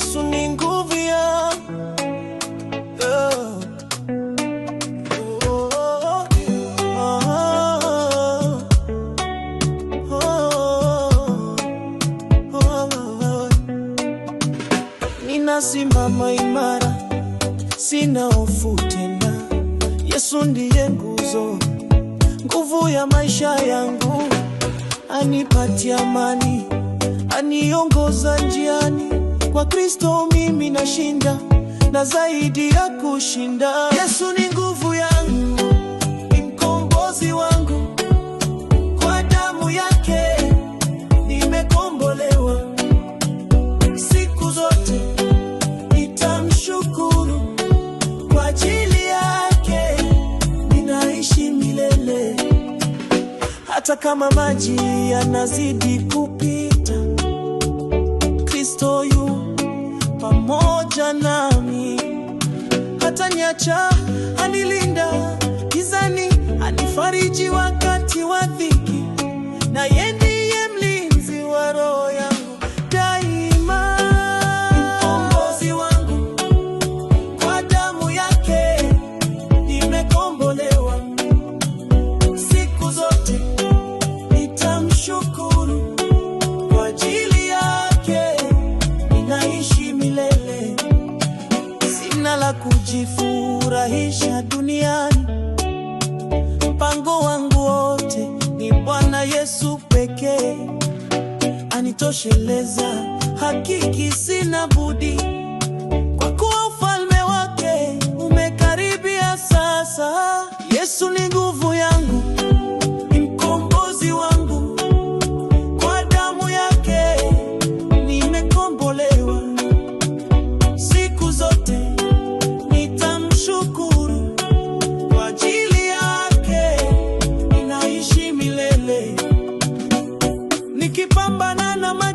Yesu ni nguvu yangu eh, Ninasimama imara, sina hofu tena. Yesu ndiye nguzo, nguvu ya maisha yangu, anipatia amani, aniongoza njiani kwa Kristo mimi nashinda na zaidi ya kushinda. Yesu ni nguvu yangu, ni mkombozi wangu, kwa damu yake nimekombolewa. Siku zote nitamshukuru, kwa ajili yake ninaishi milele, hata kama maji yanazidi kupi acha nami, hataniacha kujifurahisha duniani. Mpango wangu wote ni Bwana Yesu pekee anitosheleza, hakiki sina budi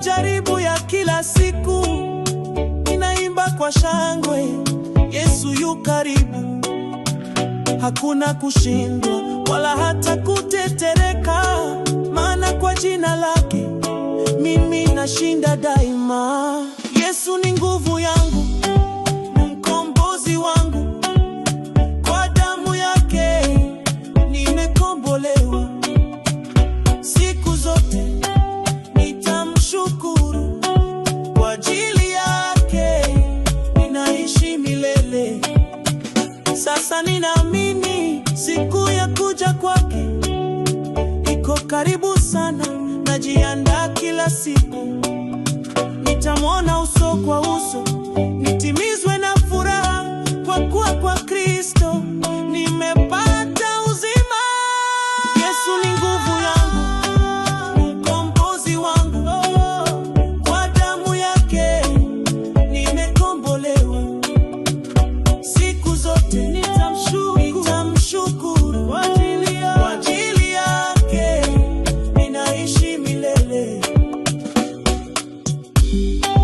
majaribu ya kila siku, ninaimba kwa shangwe, Yesu yu karibu. Hakuna kushindwa wala hata kutetereka, maana kwa jina lake mimi nashinda daima. Yesu ni nguvu yangu. karibu sana, najiandaa kila siku nitamwona Thank you.